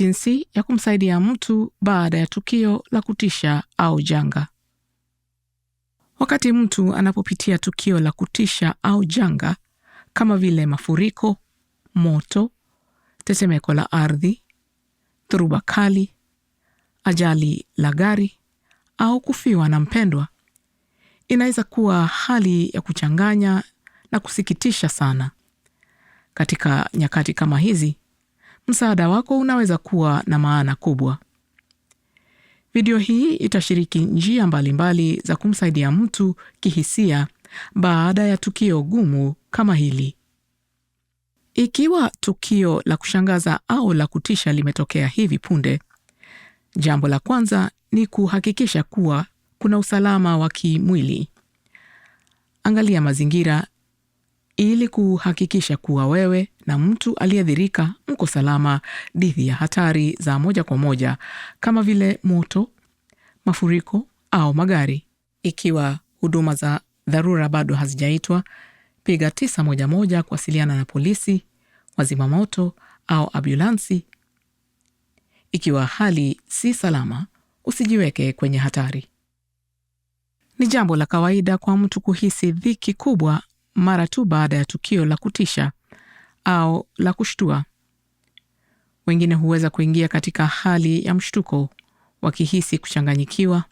jinsi ya kumsaidia mtu baada ya tukio la kutisha au janga. Wakati mtu anapopitia tukio la kutisha au janga kama vile mafuriko, moto, tetemeko la ardhi, dhoruba kali, ajali la gari au kufiwa na mpendwa, inaweza kuwa hali ya kuchanganya na kusikitisha sana. Katika nyakati kama hizi, msaada wako unaweza kuwa na maana kubwa. Video hii itashiriki njia mbalimbali mbali za kumsaidia mtu kihisia baada ya tukio gumu kama hili. Ikiwa tukio la kushangaza au la kutisha limetokea hivi punde, jambo la kwanza ni kuhakikisha kuwa kuna usalama wa kimwili. Angalia mazingira ili kuhakikisha kuwa wewe na mtu aliyeathirika mko salama dhidi ya hatari za moja kwa moja kama vile moto, mafuriko au magari. Ikiwa huduma za dharura bado hazijaitwa, piga 911 kuwasiliana na polisi, wazima moto au ambulansi. Ikiwa hali si salama, usijiweke kwenye hatari. Ni jambo la kawaida kwa mtu kuhisi dhiki kubwa mara tu baada ya tukio la kutisha au la kushtua. Wengine huweza kuingia katika hali ya mshtuko, wakihisi kuchanganyikiwa,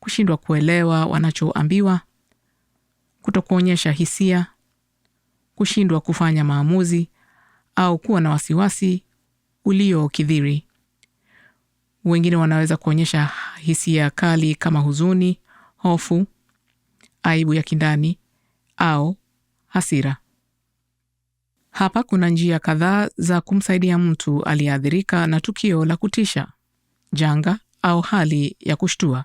kushindwa kuelewa wanachoambiwa, kutokuonyesha hisia, kushindwa kufanya maamuzi au kuwa na wasiwasi uliokithiri. Wengine wanaweza kuonyesha hisia kali kama huzuni, hofu, aibu ya kindani au hasira. Hapa kuna njia kadhaa za kumsaidia mtu aliyeathirika na tukio la kutisha, janga au hali ya kushtua.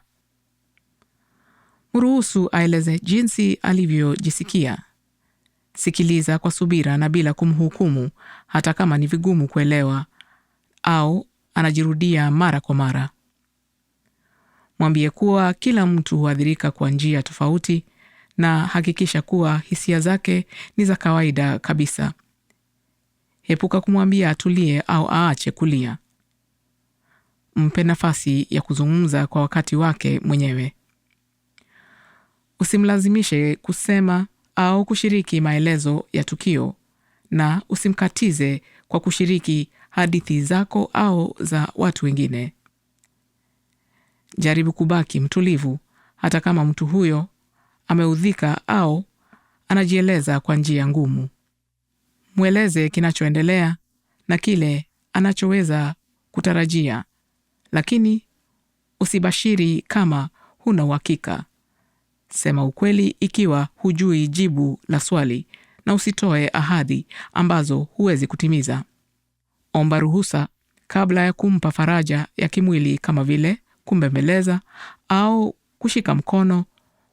Mruhusu aeleze jinsi alivyojisikia. Sikiliza kwa subira na bila kumhukumu, hata kama ni vigumu kuelewa au anajirudia mara kwa mara. Mwambie kuwa kila mtu huathirika kwa njia tofauti na hakikisha kuwa hisia zake ni za kawaida kabisa. Epuka kumwambia atulie au aache kulia. Mpe nafasi ya kuzungumza kwa wakati wake mwenyewe. Usimlazimishe kusema au kushiriki maelezo ya tukio, na usimkatize kwa kushiriki hadithi zako au za watu wengine. Jaribu kubaki mtulivu hata kama mtu huyo ameudhika au anajieleza kwa njia ngumu. Mweleze kinachoendelea na kile anachoweza kutarajia, lakini usibashiri kama huna uhakika. Sema ukweli ikiwa hujui jibu la swali, na usitoe ahadi ambazo huwezi kutimiza. Omba ruhusa kabla ya kumpa faraja ya kimwili kama vile kumbembeleza au kushika mkono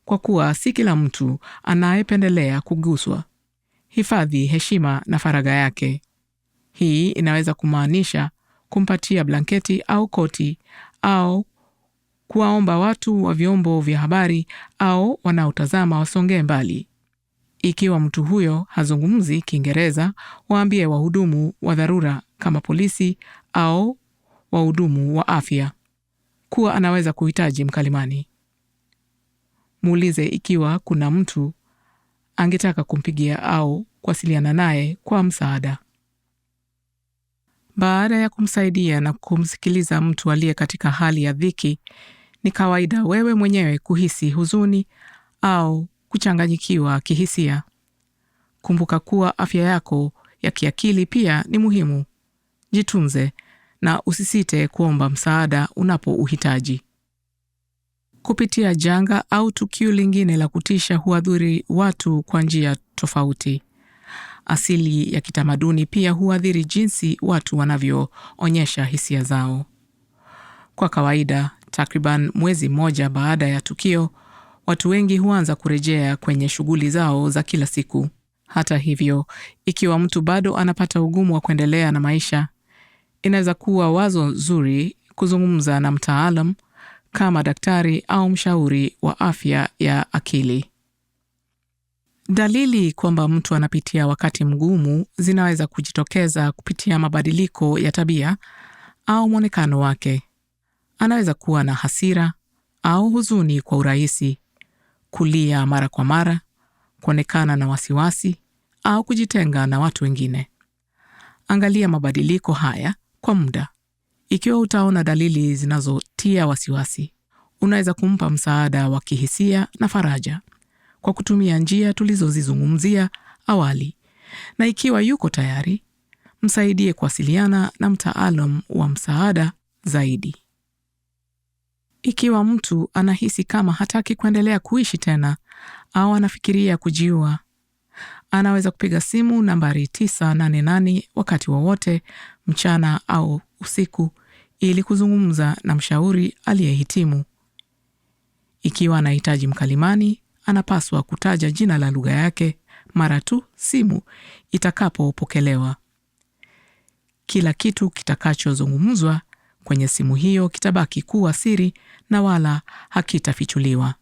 kwa kuwa si kila mtu anayependelea kuguswa, hifadhi heshima na faragha yake. Hii inaweza kumaanisha kumpatia blanketi au koti au kuwaomba watu wa vyombo vya habari au wanaotazama wasongee mbali. Ikiwa mtu huyo hazungumzi Kiingereza, waambie wahudumu wa dharura kama polisi au wahudumu wa afya kuwa anaweza kuhitaji mkalimani muulize ikiwa kuna mtu angetaka kumpigia au kuwasiliana naye kwa msaada. Baada ya kumsaidia na kumsikiliza mtu aliye katika hali ya dhiki, ni kawaida wewe mwenyewe kuhisi huzuni au kuchanganyikiwa kihisia. Kumbuka kuwa afya yako ya kiakili pia ni muhimu. Jitunze na usisite kuomba msaada unapouhitaji kupitia janga au tukio lingine la kutisha huadhiri watu kwa njia tofauti. Asili ya kitamaduni pia huadhiri jinsi watu wanavyoonyesha hisia zao. Kwa kawaida, takriban mwezi mmoja baada ya tukio, watu wengi huanza kurejea kwenye shughuli zao za kila siku. Hata hivyo, ikiwa mtu bado anapata ugumu wa kuendelea na maisha, inaweza kuwa wazo nzuri kuzungumza na mtaalam kama daktari au mshauri wa afya ya akili. Dalili kwamba mtu anapitia wakati mgumu zinaweza kujitokeza kupitia mabadiliko ya tabia au mwonekano wake. Anaweza kuwa na hasira au huzuni kwa urahisi, kulia mara kwa mara, kuonekana na wasiwasi au kujitenga na watu wengine. Angalia mabadiliko haya kwa muda. Ikiwa utaona dalili zinazotia wasiwasi, unaweza kumpa msaada wa kihisia na faraja kwa kutumia njia tulizozizungumzia awali, na ikiwa yuko tayari, msaidie kuwasiliana na mtaalam wa msaada zaidi. Ikiwa mtu anahisi kama hataki kuendelea kuishi tena au anafikiria kujiua, anaweza kupiga simu nambari 988 wakati wowote mchana au usiku ili kuzungumza na mshauri aliyehitimu. Ikiwa anahitaji mkalimani, anapaswa kutaja jina la lugha yake mara tu simu itakapopokelewa. Kila kitu kitakachozungumzwa kwenye simu hiyo kitabaki kuwa siri na wala hakitafichuliwa.